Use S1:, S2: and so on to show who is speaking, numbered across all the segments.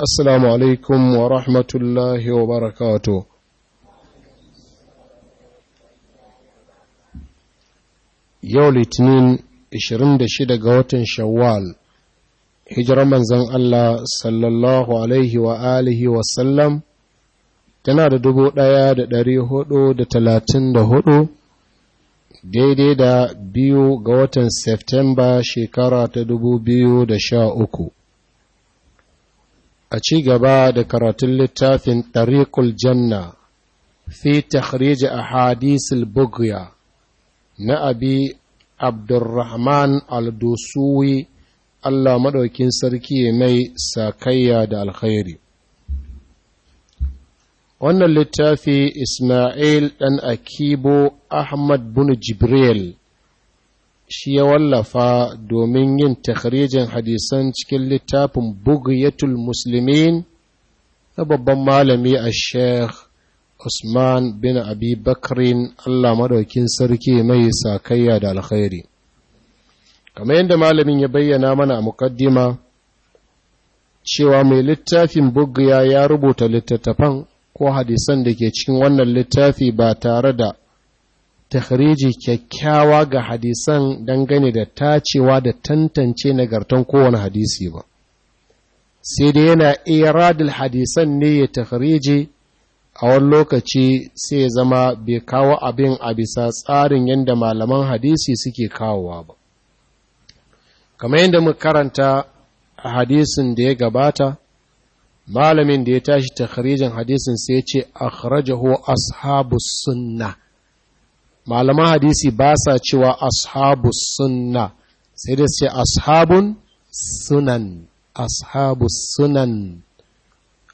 S1: Assalamu alaikum wa rahmatullahi wa barakato. Yau Litinin 26 ga watan Shawwal, hijira manzan Allah sallallahu Alaihi wa alihi tana da dubu ɗaya da ɗari hudu da talatin da hudu daidai da biyu ga watan Septemba shekara ta dubu biyu da sha uku. a ci gaba da karatun littafin ɗariƙul janna fi takhrij ahadisul bugya na abi abdurrahman al-dusuwi Allah maɗaukin sarki mai sakayya da alkhairi wannan littafi ismail ɗan akibo ahmad bin jibril shi ya wallafa domin yin takharijin hadisan cikin littafin bugiyatul muslimin na babban malami a sheikh usman bin abi bakrin allah madaukin sarki mai sakayya da alkhairi kamar yadda malamin ya bayyana mana a mukaddima cewa mai littafin bugiya ya rubuta littattafan ko hadisan da ke cikin wannan littafi ba tare da takhriji kyakkyawa ga hadisan dangane da tacewa da tantance nagartan kowane hadisi ba sai dai yana iradul hadisan ne ya takhriji a wani lokaci sai ya zama bai kawo abin a bisa tsarin yadda malaman hadisi suke kawowa ba kamar yadda mu karanta hadisin da ya gabata malamin da ya tashi takharijin hadisin sai ya ce akhrajahu ashabus sunna. malaman hadisi ba sa cewa ashabu sunna sai dai ce ashabun sunan ashabu sunan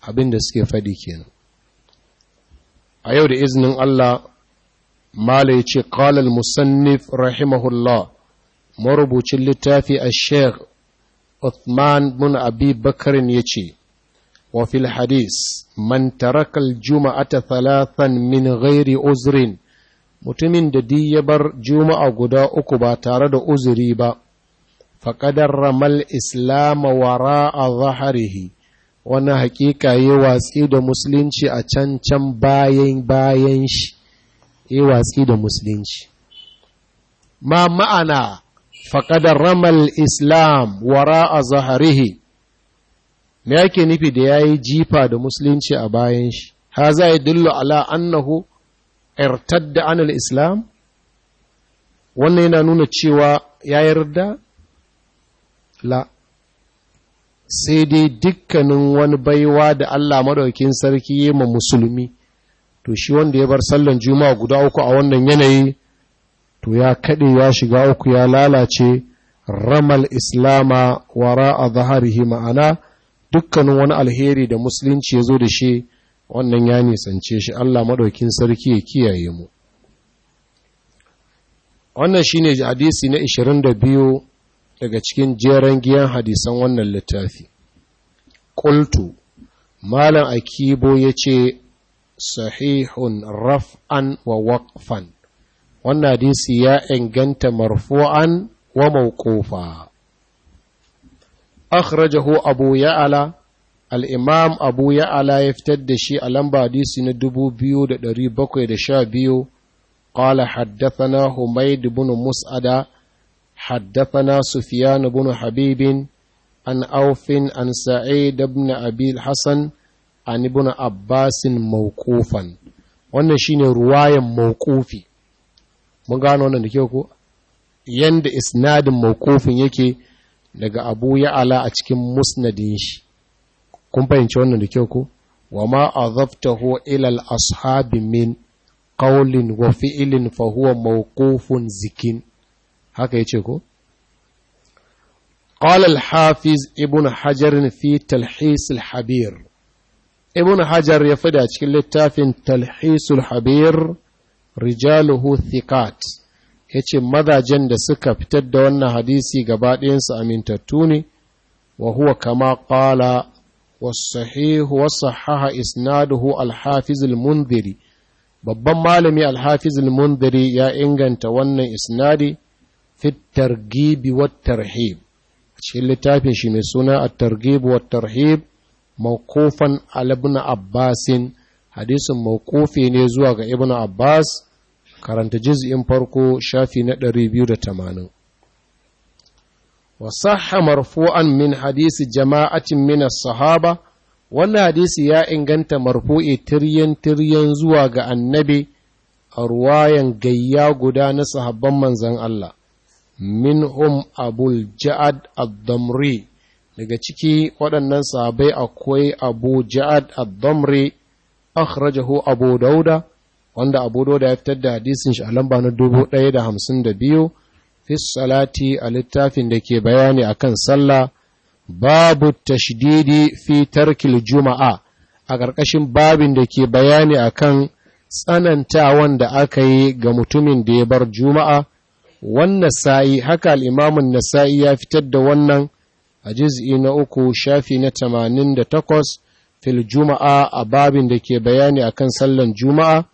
S1: abin da suke faɗi kenan a yau da izinin Allah mala ya ce kalal musannif rahimahullah marubucin littafi a sheikh Uthman bin Abi Bakarin ya ce, وفي الحديث من ترك الجمعة ثلاثا من غير mutumin da di ya bar juma'a guda uku ba tare da uzuri ba faƙadar ramal islama wara a zaharihi wani haƙiƙa yi watsi da musulunci a can can bayan bayan shi yi watsi da musulunci ma ma'ana faƙadar ramal islam wara a zaharihi me yake nufi da ya yi jifa da musulunci a bayan shi ha za a dillo ala annahu da anil islam wannan yana nuna cewa ya yarda la sai dai dukkanin wani baiwa da Allah madaukin sarki ya ma musulmi to shi wanda ya bar sallan juma'a guda uku a wannan yanayi to ya kaɗe ya shiga uku ya lalace ramal islama wara a zaharihi ma'ana dukkanin wani alheri da musulunci ya zo da shi wannan ya nisance shi Allah madaukin sarki ya kiyaye mu wannan shi shine hadisi na 22 daga cikin jeren giyan hadisan wannan littafi ƙultu malam akibo ya ce sahihun raf'an wa waqfan wannan hadisi ya inganta marfu'an wa mawqufa akhrajahu abu ya'ala al'imam abu ya ala ya fitar da shi a lamba hadisi na 2712 ƙala haddathana da bin mus'ada haddathana sufiyan bin habibin an aufin an sa'id ibn Abil Hassan, an ibn abbasin mawqufan wannan shine ruwayan mawqufi mun gano wannan da ke ko yanda isnadin mawqufin yake daga abu ya ala a cikin musnadin shi kun fahimci wannan da kyau ko wa ma azabtahu ila al-ashabi min qawlin wa fi'lin fa huwa mawqufun zikin haka yace ko ibn hajar fi talhis al habir ibn hajar ya fada cikin littafin al habir rijaluhu thiqat yace mazajen da suka fitar da wannan hadisi gaba ɗayansu amintattu ne wa huwa kama qala والصحيح وصحح إسناده الحافظ المنذري babban malami alhafiz al-mundari ya inganta wannan isnadi fit targhib wa tarhib a cikin littafin shi mai suna a targhib wa tarhib mawqufan ala ibn abbas hadisin mawqufi ne zuwa ga ibn abbas karanta juz'in farko shafi na 280 wa sahha marfu'an min hadisi jama'atin min sahaba wannan hadisi ya inganta marfu'i tiryan tiryan zuwa ga annabi a ruwayan gayya guda na sahabban manzan Allah minhum abul ja'ad ad daga ciki waɗannan sahabai akwai abu ja'ad ad-damri akhrajahu abu dauda wanda abu dauda ya fitar da hadisin shi a lamba na da da biyu. Fissalati a littafin da ke bayani akan sallah babu tashdidi fi tarkil juma'a a ƙarƙashin babin da ke bayani akan tsanantawan da aka yi ga mutumin da ya bar juma'a wannan sa'i haka al'imamun nasa'i ya fitar da wannan a jiz'i na uku shafi na tamanin da takwas fil juma'a a babin da ke bayani akan sallan juma'a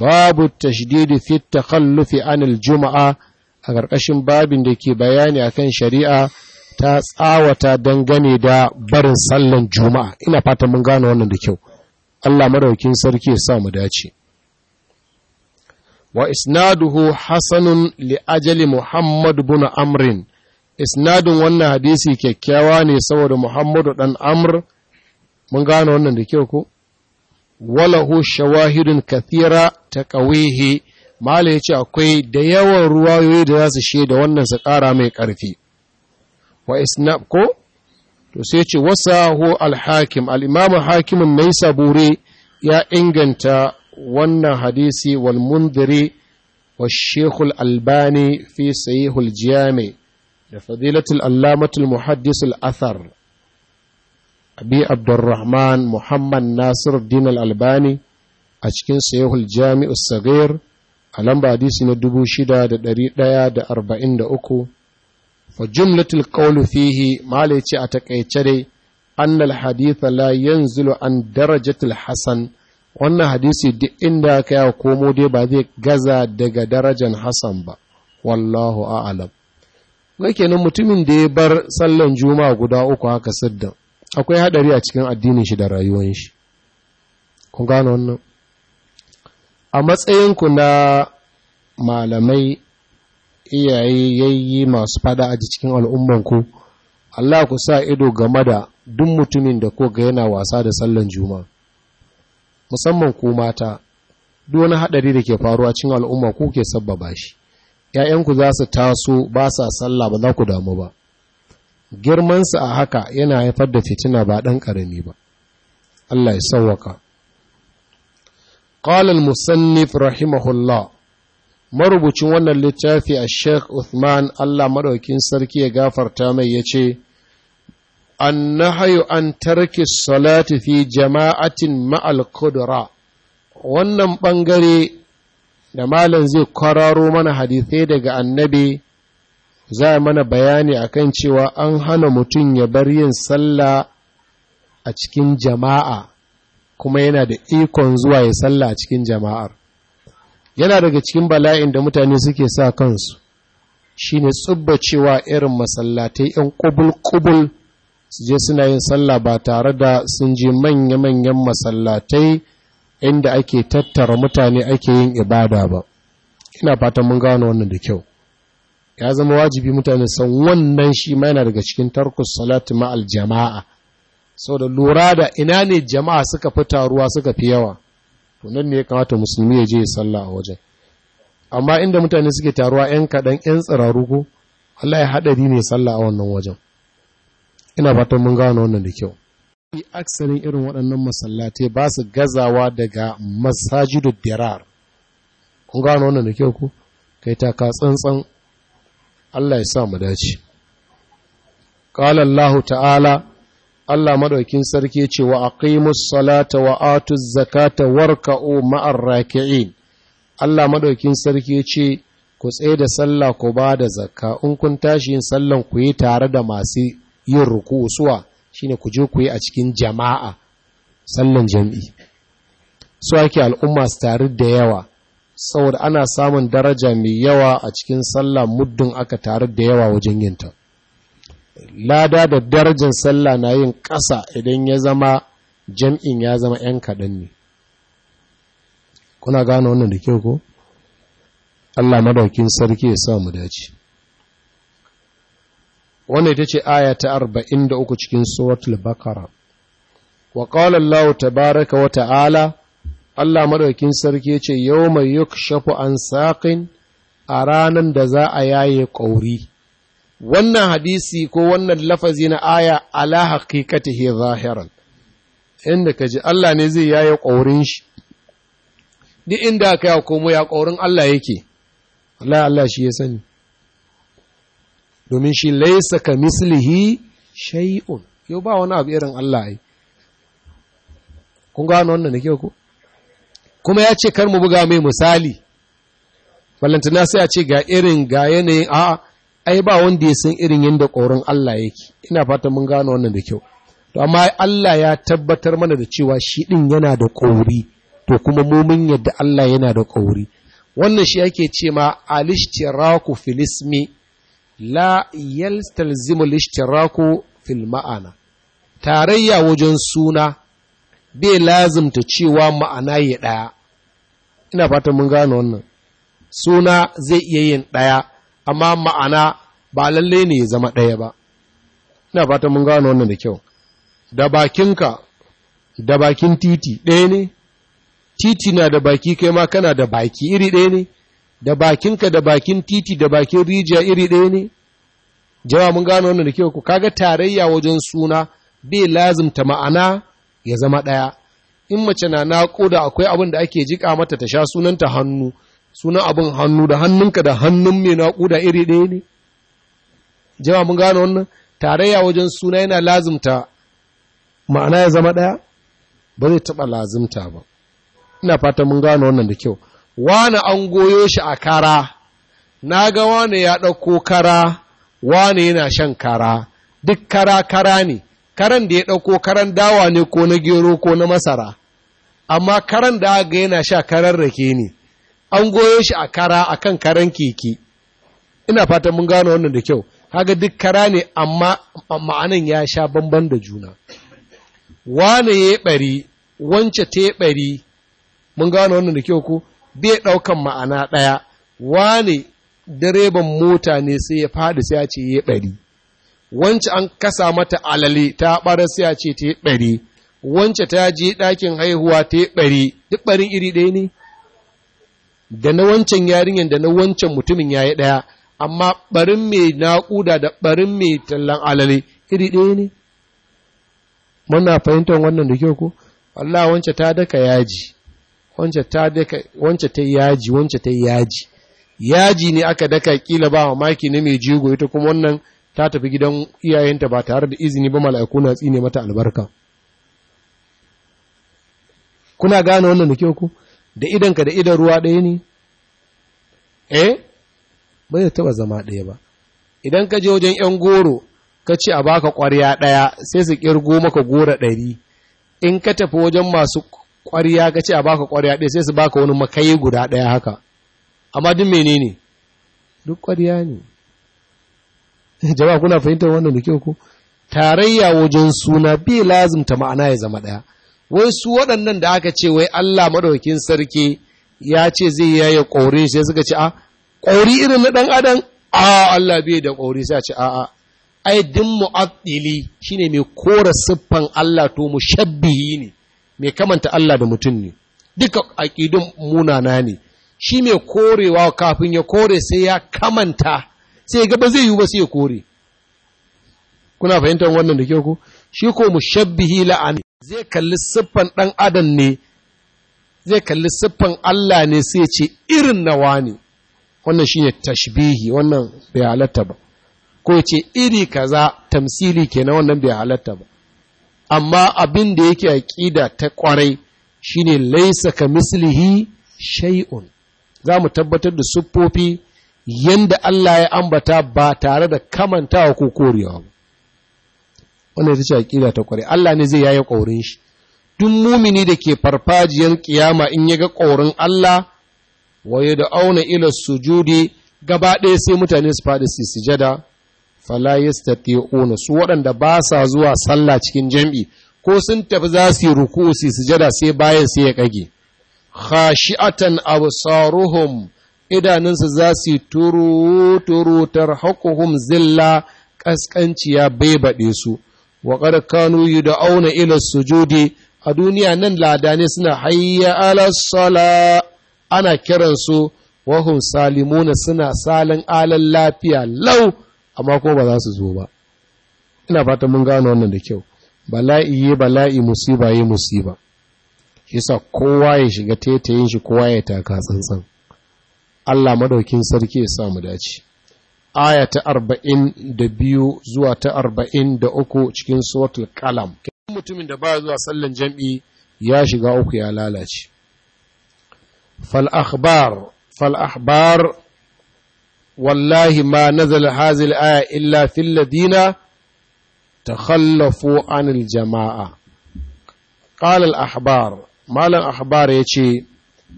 S1: babu tashdidi fi takhallufi anil juma'a a ƙarƙashin babin da ke bayani a kan shari'a ta tsawata dangane da barin sallan juma'a ina fata mun gano wannan da kyau Allah maraukin sarki ya sa mu dace wa isnaduhu hasanun li Muhammadu Buna bin amrin isnadin wannan hadisi kyakkyawa ne saboda muhammadu dan amr mun gano wannan da kyau ko walahu shawahidun kathira ta ƙawihi mala ya ce akwai da yawan ruwayoyi da za su shaida wannan su ƙara mai ƙarfi wa isnab ko to sai ce wasa ho alhakim al'imamu hakimin mai sabure ya inganta wannan hadisi wal mundiri wa shekul albani fi sayihul jami da fadilatul allamatul muhaddisul athar abi abdurrahman muhammad nasir din albani a cikin sayihul jami'ul sagir a lamba hadisi na da da daya 6143 fa jumlatul qawlu fihi mala yace a takaice dai annal haditha la yanzilu an darajatul hasan wannan hadisi duk inda ka ya komo dai ba zai gaza daga darajan hasan ba wallahu a'lam kai kenan mutumin da ya bar sallan juma guda uku haka siddan akwai hadari a cikin addinin shi da rayuwar shi a matsayinku na malamai iyaye yayi masu fada a cikin al'ummanku Allah ku sa ido game da duk mutumin da ko ga yana wasa da sallan juma musamman ku mata duk wani hadari da ke faruwa cikin al'umma ku ke sabbaba shi ‘ya'yanku za su taso ba sa sallah ba za ku damu ba girmansu a haka yana haifar da fitina ba ɗan ƙarami ba Allah ya sawwaka قال المصنف رحمه الله marubucin wannan littafi a sheikh Uthman Allah maɗaukin sarki ya gafarta mai ya ce, An nahayu an tarki salati fi jama'atin ma'al kudura, wannan ɓangare da malam zai kwararo mana hadithai daga annabi za mana bayani akan cewa an hana mutum ya bar yin sallah a cikin jama'a kuma yana da ikon zuwa ya salla a cikin jama'ar yana daga cikin bala'in da mutane suke sa kansu Shi shine cewa irin masallatai yan ƙubul-ƙubul su je suna yin sallah ba tare da sun je manya-manyan masallatai inda ake tattara mutane ake yin ibada ba ina fatan mun gano wannan da kyau ya zama wajibi mutane san wannan shi ma yana daga cikin tarkus salatu, ma jama'a. sau da lura da ina ne jama'a suka fi taruwa suka fi yawa to nan ne ya kamata musulmi ya je ya sallah a wajen amma inda mutane suke taruwa yan kaɗan yan tsiraru ko Allah ya haɗari ne sallah a wannan wajen ina fatan mun gano wannan da kyau yi aksarin irin waɗannan masallatai ba su gazawa daga masajidu dirar kun gano wannan da kyau ku kai ta ka tsantsan Allah ya sa mu dace qala ta'ala Allah madaukin sarki ce wa aqimus salata wa atuz zakata warka'u ma'ar raki'in Allah madaukin sarki ce ku tsaye da sallah ku ba da zakka in kun tashi yin sallan ku yi tare da masu yin ruku suwa shine ku je ku yi a cikin jama'a sallan jam'i su ake al'umma su tare da yawa saboda ana samun daraja mai yawa a cikin sallah muddin aka tare da yawa wajen yin ta. lada da darajar sallah na yin ƙasa idan ya zama jam'in ya zama ‘yan kaɗan ne kuna gano wannan da kyau ko Allah madaukin sarki ya sa mu dace Wanda ita ce aya ta uku cikin suwatul bakara. wa qala Allah baraka wa ta'ala Allah madaukin sarki ce mai yawma shafu an saƙin. a ranan da za a yaye ƙauri wannan hadisi ko wannan lafazi na aya ala haqiqatihi zahiran inda kaji Allah ne zai yaye ƙaurin shi duk inda aka ya komo ya ƙaurin Allah yake Allah Allah shi ya sani domin shi laisa ka mislihi shay'un yau ba wani abu irin Allah ai kun gano wannan nake ku kuma ya ce kar mu buga mai misali ballantana sai a ce ga irin ga yanayin a'a ai ba wanda ya san irin yadda ƙorin Allah yake ina fatan mun gano wannan da kyau to amma Allah ya tabbatar mana da cewa shi din yana da ƙori to kuma mumin yadda Allah yana da ƙori wannan shi ake ce ma alishtiraku fil ismi la yalstalzimu alishtiraku fil ma'ana tarayya wajen suna bai lazimta cewa ma'ana ya ɗaya ina fatan mun gano wannan suna zai iya yin ɗaya amma ma'ana ba lalle ne ya zama ɗaya ba na fata mun gano wannan da kyau da bakinka da bakin titi ɗaya ne titi na da baki kai ma kana da baki iri ɗaya ne da bakinka da bakin titi da bakin rijiya iri ɗaya ne jawa mun gano wannan da kyau ku kaga tarayya wajen suna bai lazimta ma'ana ya zama ɗaya in mace na naƙuda akwai abin da ake jiƙa mata ta sha sunanta hannu suna abin hannu da hannunka da hannun mai naƙuda iri ɗaya ne jama mun gane wannan tarayya wajen suna yana lazimta ma'ana ya zama ɗaya ba zai taɓa lazimta ba ina fata mun gane wannan da kyau wani an goyo shi a kara na ga wani ya ɗauko kara wani yana shan kara duk kara kara ne karan da ya ɗauko karan dawa ne ko na gero ko na masara amma karan da aga yana sha karar rake ne an goyo shi a kara a kan karan keke ina fatan mun gano wannan da kyau haga duk kara ne amma ma'anan ya sha bamban da juna wane ya bari wance ta bari mun gano wannan da kyau ko bai ɗaukan ma'ana ɗaya wane direban mota ne sai ya faɗi sai ya ce ya bari wance an kasa mata alale ta ɓara sai ya ce ta bari wance ta je ɗakin haihuwa ta bari duk barin iri ɗaya ne da na wancan yarinyar da na wancan mutumin ya yi ɗaya amma ɓarin mai naƙuda da ɓarin mai tallan alale iri ɗaya ne muna fahimtar wannan da kyau ko Allah wance ta daka yaji wance ta yaji wance ta yaji yaji ne aka daka kila ba mamaki na mai jego ita kuma wannan ta tafi gidan iyayenta ba tare da izini ba mala'iku na tsine mata albarka kuna gane wannan da kyau ko da idanka da idan ruwa ɗaya ne eh bai zai taɓa zama ɗaya ba idan ka je wajen ‘yan goro ka ce a baka ƙwarya ɗaya sai su ƙirgo maka gora ɗari in ka tafi wajen masu ƙwarya ka ce a baka ƙwarya ɗaya sai su baka wani makayi guda ɗaya haka amma duk ne duk ƙwarya ne jama'a kuna fahimtar wannan da kyau ko tarayya wajen suna bi lazimta ma'ana ya zama ɗaya wai su waɗannan da aka ce wai Allah madaukin sarki ya ce zai yaya ƙori sai suka ce a Ƙori irin na ɗan adam a Allah bai da ƙori sai a ce a'a ai din shi shine mai kora siffan Allah to mu shabbihi ne mai kamanta Allah da mutum ne duka aqidun munana ne shi mai korewa kafin ya kore sai ya kamanta sai ga ba zai yi ba sai ya kore kuna fahimtar wannan da kyau ko shi ko mushabbihi la'ani zai kalli siffan ɗan adam ne zai kalli siffan Allah ne sai ce irin nawa ne wannan shi ne tashbihi wannan bai halatta ba ko ce iri kaza tamsili kenan wannan bai halatta ba amma abin da yake aƙida ta kwarai shine laisa ka mislihi shai'un. za mu tabbatar da siffofi yanda Allah ya ambata ba tare da kamantawa ko korewa ba wannan ita ce aqida ta kware Allah ne zai yaya ƙaurin shi duk mumini da ke farfajiyar ƙiyama in ya ga ƙaurin Allah wa da auna ila sujudi gaba ɗaya sai mutane su faɗi su sujada fala yastati'una su waɗanda ba sa zuwa sallah cikin jam'i ko sun tafi za su yi ruku su sujada sai bayan sai ya kage khashi'atan absaruhum idanunsu za su yi turu turu tarhaquhum zilla kaskanciya bai baɗe su wa qad da Auna, ila sujudi a duniya nan ladane suna hayya ala sala ana kiransu wa salimuna suna salin alan lafiya lau amma kuma ba za su zo ba ina fata mun gano wannan da kyau bala'i ye bala'i musiba ye musiba yasa kowa ya shiga tetayin shi kowa ya taka tsantsan Allah madaukin sarki ya sa mu dace aya ta arba'in da biyu zuwa ta arba'in da uku cikin suratul kalam mutumin da baya zuwa sallan jam'i ya shiga uku ya lalace fal akhbar wallahi ma nazala hazil aya illa fil ta takhallafu anil jama'a qala ahbar malam ahbar ce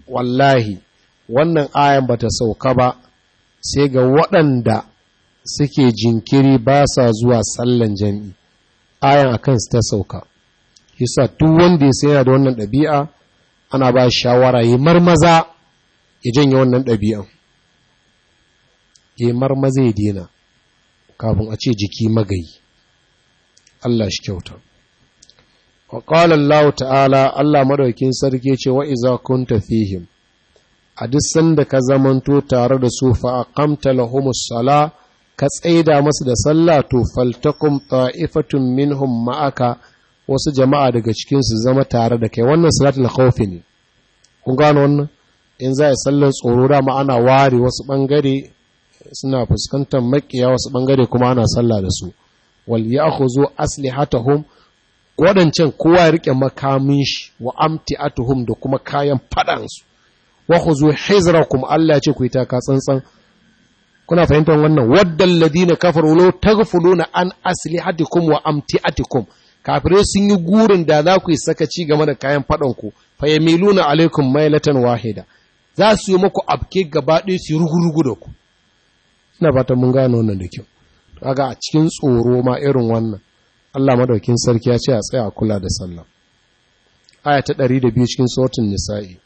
S1: wallahi wannan ayan bata sauka ba sai ga waɗanda suke jinkiri ba sa zuwa sallan jami'i ayan a kansu ta sauka yasa duk wanda ya sayar da wannan ɗabi'a ana ba shawara ya marmaza ya janye wannan ɗabi'an ya marmaza ya dina kafin a ce jiki magayi Allah shi kyauta wa ƙalallahu ta'ala Allah maɗaukin sarki ce wa iza kun tafihim a duk sanda ka zamanto tare da su fa aqamta lahumus sala ka tsaida masu da sallah to faltakum ta'ifatun minhum ma'aka wasu jama'a daga cikin su zama tare da kai wannan salatul khawfi ne kun gano wannan in za a sallar tsoro da ana ware wasu bangare suna fuskantar makiya wasu bangare kuma ana sallah da su wal ya'khuzu aslihatahum wadancan kowa ya rike makamin shi wa amti'atuhum da kuma kayan su wa khuzu hizrakum Allah ce ku yi taka tsantsan kuna fahimtar wannan waddal ladina kafaru law taghfuluna an aslihatikum wa amtiatikum Kafire sun yi gurin da za ku yi sakaci game da kayan fadan ku fayamiluna alaikum mailatan wahida za su yi muku abke gaba ɗaya su rugurugu da ku ina fatan mun gano wannan da kyau kaga a cikin tsoro ma irin wannan Allah madaukin sarki ya ce a tsaya kula da sallah aya ta 102 cikin suratul nisa'i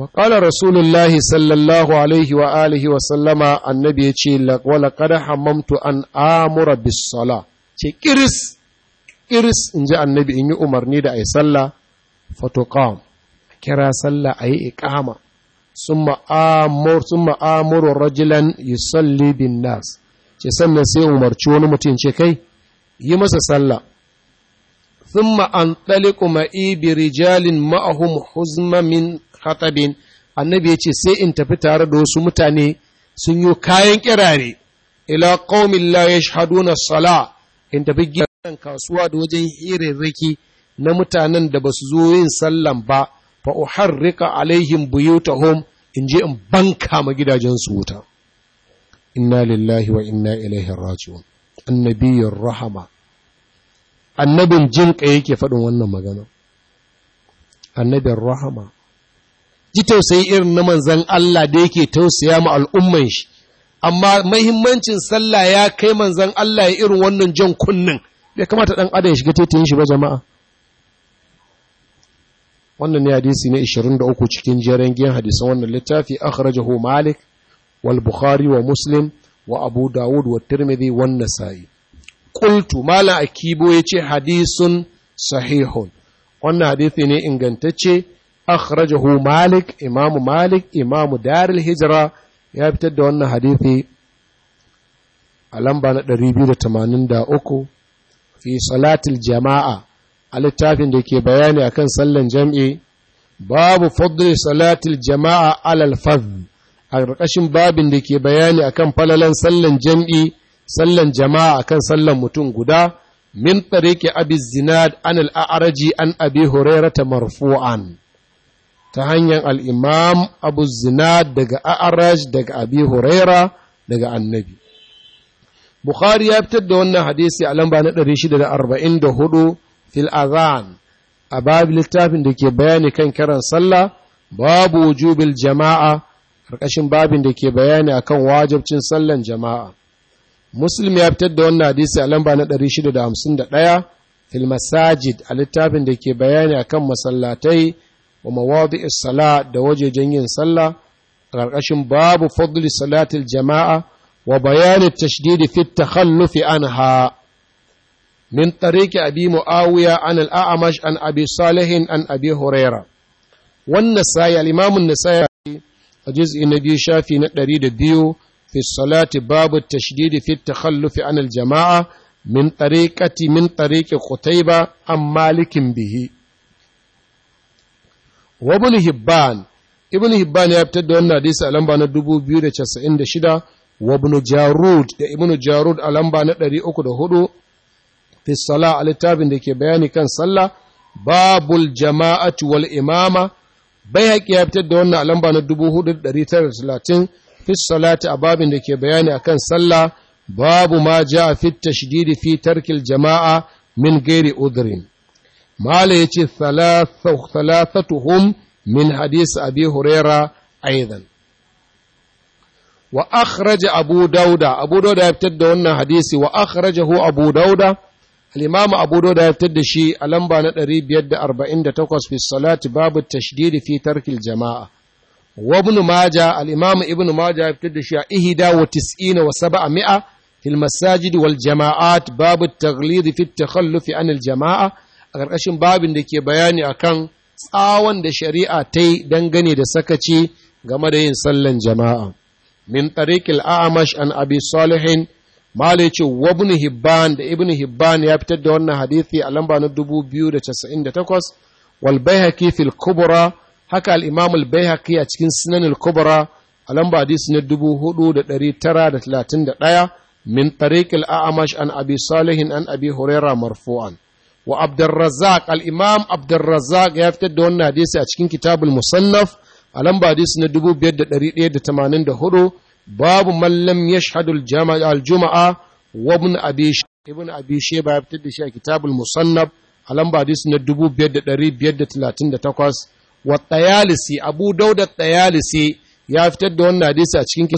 S1: Waƙala Rasulullahi sallallahu Alaihi wa wa sallama annabi ya ce, Wala kada hammamtu an amura bisola, ce, Kiris, in ji annabi in yi umarni da a yi sallah, fotokam, kira sallah a yi ikama, sun ma'amurin rajilan yi salli bin nas, sannan sai umarci wani mutum ce kai, yi masa sallah. ثم أنطلق معي برجال معهم حزم من khatabin annabi ya ce sai in tafi tare da wasu mutane sun yi kayan kirare ila qaumin la yashhaduna sala in tafi gidan kasuwa da wajen hirarraki na mutanen da basu zo yin sallan ba fa uharrika alaihim buyutahum in je in banka ma gidajen su wuta inna lillahi wa inna ilaihi raji'un annabiyur rahama annabin jinka yake faɗin wannan magana annabin rahama ji tausayi irin na manzan Allah da yake tausaya ma al'umman shi amma mahimmancin sallah ya kai manzan Allah ya irin wannan jan kunnin bai kamata ɗan adam ya shiga tetayin shi ba jama'a wannan ne hadisi na 23 cikin jeren giyan hadisan wannan littafi akhrajahu malik wal bukhari wa muslim wa abu dawud wa tirmidhi wan nasa'i qultu mala akibo yace hadisun sahihun wannan hadisi ne ingantacce akhrajahu malik imamu malik imamu daril hijira ya fitar da wannan hadithi a lamba na 283 fi salatil jama'a a littafin da ke bayani akan sallan jam'i babu fadli salatil jama'a alal fadl a ƙarƙashin babin da ke bayani akan falalan sallan jam'i sallan jama'a akan sallar mutum guda min tsareke abi zinad an al'araji an abi hurairata marfu'an ta hanyar al'imam abu zina daga a'araj daga abi huraira daga annabi bukhari ya fitar da wannan hadisi a lamba na 644 fil azan a babu littafin da ke bayani kan kiran sallah babu wujubil jama'a ƙarƙashin babin da ke bayani akan wajabcin sallan jama'a muslim ya fitar da wannan hadisi a lamba na 651 fil masajid a littafin da ke bayani a kan masallatai wa mawadi'i sala da wajejen yin sallah ƙarƙashin babu fadli salatin jama'a wa bayani tashdidi fi takhallufi anha min tariki abi muawiya an al-a'mash an abi salih an abi huraira wannan sai al-imam an-nasai a juz'i na biyu shafi na 102 fi salati babu tashdidi fi takhallufi an al-jama'a min tariqati min tariqi qutayba am malikin bihi wa ibn hibban ibn hibban ya fitar da wannan hadisi a lamba na 2096 wa ibn jarud da Ibnu jarud a lamba na 304 fi salah a littafin da ke bayani kan sallah babul jama'ati wal imama bai haƙi ya fitar da wannan a lamba na 4930 fi salati a babin da ke bayani akan sallah babu ma ja a tashdidi fi tarkil jama'a min gairi udhrin mala ya ce thalathatuhum min hadis abi huraira aidan wa akhraja abu dauda abu dauda ya fitar da wannan hadisi wa akhrajahu abu dauda al-imam abu dauda ya fitar da shi a lamba na 548 fi salati babu tashdid fi tarkil jama'a wa ibn majah al-imam ibn majah ya fitar da shi a ihda wa 90 wa 700 في المساجد والجماعات باب التغليظ في التخلف عن jama'a. a ƙarƙashin babin da ke bayani a kan tsawon da shari'a ta yi dangane da sakaci game da yin sallan jama'a min tariqil a'mash an abi salihin mala ce wa ibn hibban da ibn hibban ya fitar da wannan hadithi a lamba na 2098 wal baihaqi fil kubra haka al imam al baihaqi a cikin sunan al kubra a lamba hadisi na ɗaya. min tariqil a'mash an abi salihin an abi huraira marfu'an wa abdurrazzaq al-imam abdurrazzaq ya fitar da wannan hadisi a cikin kitabul musannaf a lamba hadisi na 5184 babu man lam yashhadu al-jumu'a wa ibn abi ibn abi shayba ya fitar da shi a kitabul musannaf a lamba hadisi na 5538 wa tayalisi abu dauda tayalisi ya fitar da wannan hadisi a cikin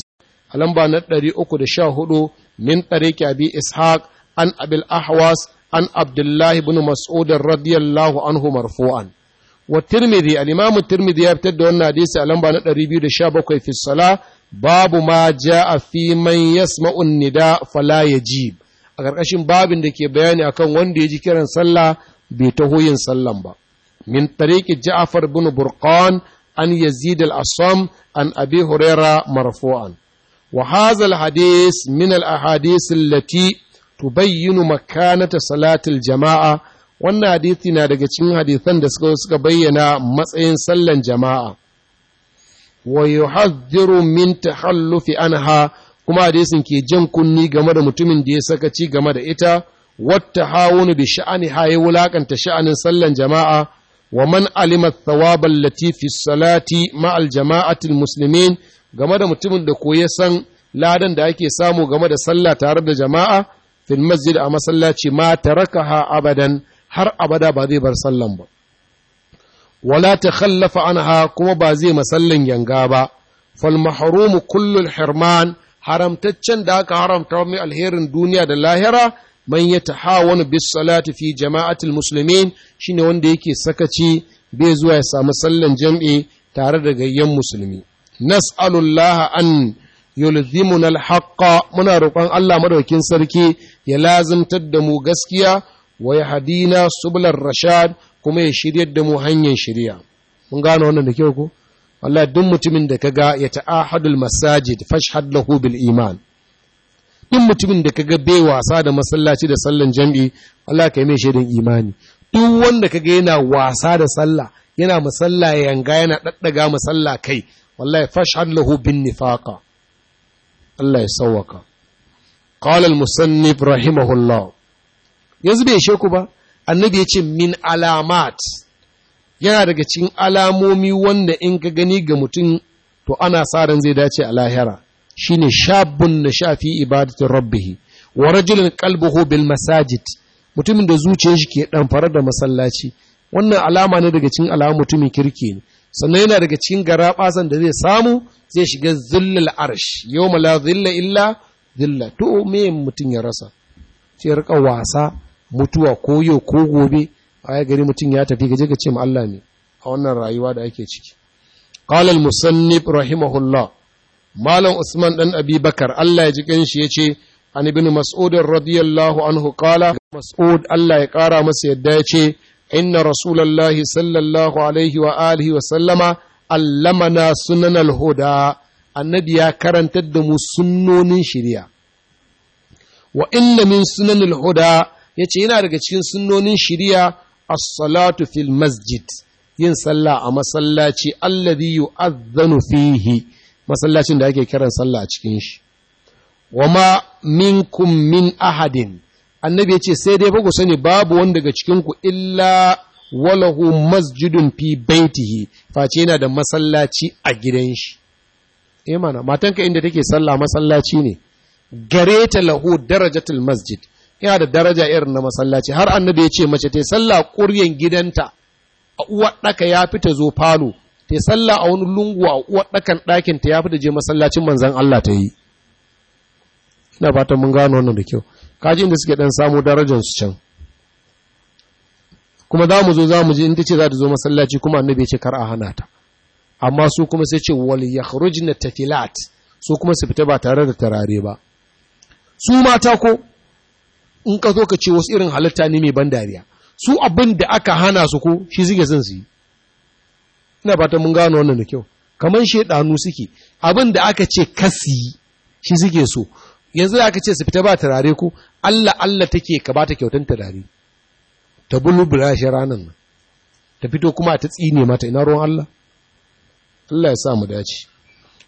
S1: a lamba na 314 min tariqi abi ishaq an abil ahwas an abdullahi bin mas'ud radiyallahu anhu marfu'an wa tirmidhi al-imam tirmidhi ya fitar da wannan hadisi a lamba na 217 fi sala babu ma jaa fi man yasma'u nida fala yajib a karkashin babin da ke bayani akan wanda ya ji kiran sallah bai taho yin sallan ba min tariqi ja'far bin burqan an yazid al-asam an abi huraira marfu'an wa hadha al minal min al tubayyinu makanata salatil jama'a wannan hadithi na daga cikin hadithan da suka suka bayyana matsayin sallan jama'a wa yuhadhdhiru min tahallufi anha kuma hadisin ke jan kunni game da mutumin da ya saka ci game da ita wata hawunu bi sha'ani haye wulakanta sha'anin sallan jama'a wa man alima thawaba allati salati ma jama'atin musulmin, game da mutumin da koya san ladan da ake samu game da sallah tare da jama'a fil masjid a masallaci ma ha abadan har abada ba zai bar sallan ba wala ta khallafa anha kuma ba zai masallan yanga ba fal mahrumu kullul hirman haramtaccen da aka haramta mai alherin duniya da lahira man ya tahawanu bis salati fi jama'atil muslimin shine wanda yake sakaci bai zuwa ya samu sallan jam'i tare da gayyan musulmi nas'alullah an yulzimuna alhaqqa muna roƙon Allah madaukin sarki ya lazimtar da mu gaskiya wa hadina sublar rashad kuma ya shiryar da mu hanyar shiriya mun gano wannan da kyau ko wallahi duk mutumin da kaga ya ta'ahadul masajid fashhad lahu bil iman duk mutumin da kaga bai wasa da masallaci da sallan jami'i Allah ka yi mai shaidan imani duk wanda kaga yana wasa da sallah yana musalla yanga yana daddaga masalla kai wallahi fashhad lahu bin nifaqa Allah ya sauwaka. qala al-musannif rahimahullah yanzu bai sheku ba annabi ya ce min alamat yana daga cikin alamomi wanda in ka gani ga mutum to ana sa zai dace a lahira shine shabun na shafi ibadatin rabbih wa rajulun qalbuhu bil masajid mutumin da zuciyar shi ke fara da masallaci wannan alama ne daga cikin alamun mutumin kirki ne sannan yana daga cikin garabasan da zai samu zai shiga zillal arsh yau la zilla illa zilla to me mutum ya rasa ce rika wasa mutuwa ko yau ko gobe a ya gari mutum ya tafi gaje ka ce ma Allah ne a wannan rayuwa da ake ciki qala al musannif rahimahullah malam usman dan Abibakar Allah ya ji kanshi yace an ibn mas'ud radiyallahu anhu qala mas'ud Allah ya kara masa yadda yace inna rasulullahi sallallahu alaihi wa alihi wa sallama allamana sunan alhuda annabi ya karantar da mu sunnonin shari'a wa inna min sunan alhuda ya ce yana daga cikin sunnonin shirya as-salatu fil masjid yin sallah a masallaci alladhi yu'adhdhanu fihi masallacin da ake kiran sallah a cikin shi wa ma minkum min ahadin annabi ya ce sai dai ba ku sani babu wanda daga cikin ku illa walahu masjidun fi baitihi face yana da masallaci a gidan shi eh mana matanka inda take sallah masallaci ne gare ta lahu darajatul masjid yana da daraja irin na masallaci har annabi ya ce mace ta sallah ƙuryen gidanta a uwar daka ya fi ta zo falo ta sallah a wani lungu a uwar ɗakinta dakin ta ya fi je masallacin manzan Allah ta yi ina fatan mun gano wannan da kyau kaji inda suke dan samu darajar su can kuma za mu zo za mu je in ta ce za ta zo masallaci kuma annabi ya ce kar a hana ta amma su kuma sai ce wal yakhrujna tafilat su kuma su fita ba tare da tarare ba su mata ko in ka zo ka ce wasu irin halitta ne mai ban dariya su abin da aka hana su ko shi zige zan su yi ina fata mun gano wannan da kyau kamar shedanu suke abin da aka ce kasi shi zige so yanzu aka ce su fita ba tarare ko Allah Allah take ka ba ta kyautan turare ta bulubula shi ranar nan ta fito kuma ta tsine mata ina ruwan Allah Allah ya sa dace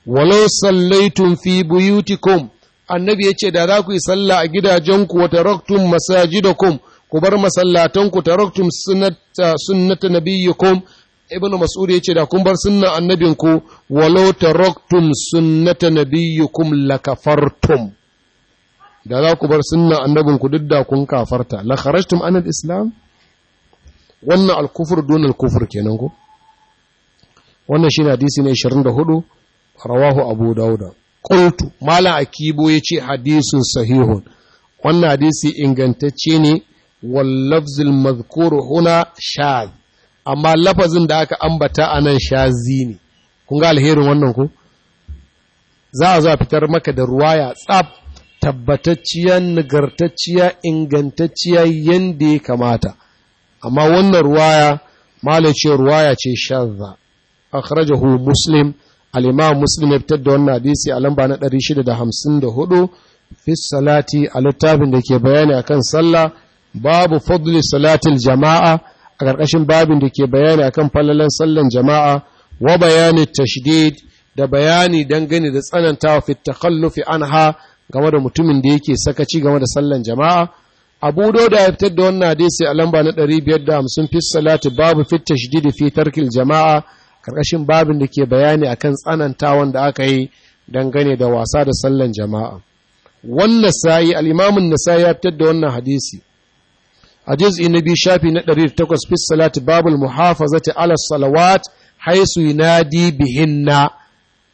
S1: walau sallaitun fi buyutikum annabi ya ce da za ku yi sallah a gidajenku wa taraktum masajidakum ku bar masallatanku taraktum sunnata sunnata nabiyyikum ibnu mas'ud ce da kun bar sunnan annabinku walau taraktum sunnata nabiyyikum lakafartum da za ku bar sunnan annabinku duk da kun kafarta la kharajtum anil islam wannan al-kufr dun kenan ko wannan shine hadisi ne 24 rawahu abu dauda qultu mala akibo ce hadisun sahihun wannan hadisi ingantacce ne wal lafzul madhkur huna shaz amma lafazin da aka ambata anan shazi ne kun ga alherin wannan ko za a zo fitar maka da ruwaya tsab tabbatacciya nagartacciya ingantacciya yanda ya kamata amma wannan ruwaya malace ruwaya ce shadda akhrajahu muslim al-imam muslim ya fitar da wannan hadisi a lamba na 654 fi salati a littafin da ke bayani akan sallah babu fadli salatil jama'a a ƙarƙashin babin da ke bayani akan falalan sallan jama'a wa bayani tashdid da bayani dangane da tsananta fi takhallufi anha game da mutumin da yake sakaci game da sallan jama'a abu da ya fitar da wannan hadisi a lamba na 550 fi salati babu fi tashdidi fi tarkil jama'a karkashin babin da ke bayani akan tsanantawan da aka yi dangane da wasa da sallan jama'a wannan sa'i al-imamun nasai ya fitar da wannan hadisi a juz'i na bi shafi na 108 fi salati babul muhafazati ala salawat haisu yunadi bihinna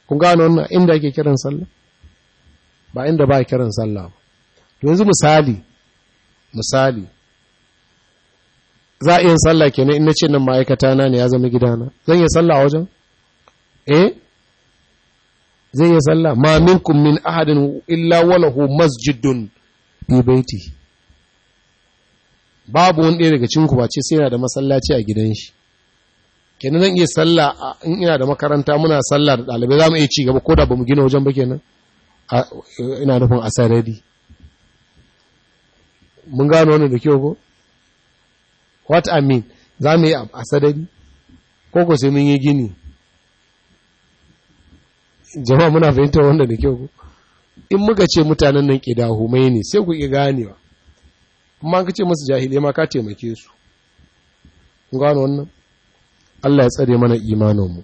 S1: kun gano wannan inda ake kiran sallah ba inda ba kiran sallah yanzu misali misali za a iya sallah kenan in na ce nan ma'aikata na ne ya zama gidana zan iya sallah a wajen eh zai iya sallah ma minkum min ahadin illa walahu masjidun fi babu wani ɗaya daga cikin ku ba ce sai yana da masallaci a gidan shi kenan zan iya sallah in ina da makaranta muna sallah da ɗalibai za mu iya ci gaba ko da ba mu gina wajen ba kenan ina nufin asarari mun gano wannan da kyau ko what i mean za mu yi a sadari ko ko sai mun yi gini jama'a muna fahimtar wanda da kyau ko in muka ce mutanen nan ke dahumai ne sai ku gane ganewa amma ka ce masu jahili ma ka taimake su gano wannan Allah ya tsare mana imaninmu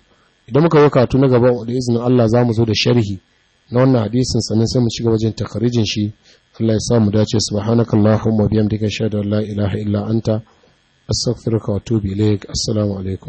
S1: idan muka yi katu na gaba da izinin Allah za mu zo da sharhi na wannan hadisin sannan sai mu shiga wajen takarijin shi Allah ya samu dace subhanakallahumma bihamdika ashhadu an la ilaha illa anta astaghfiruka wa atubu ilaik assalamu alaikum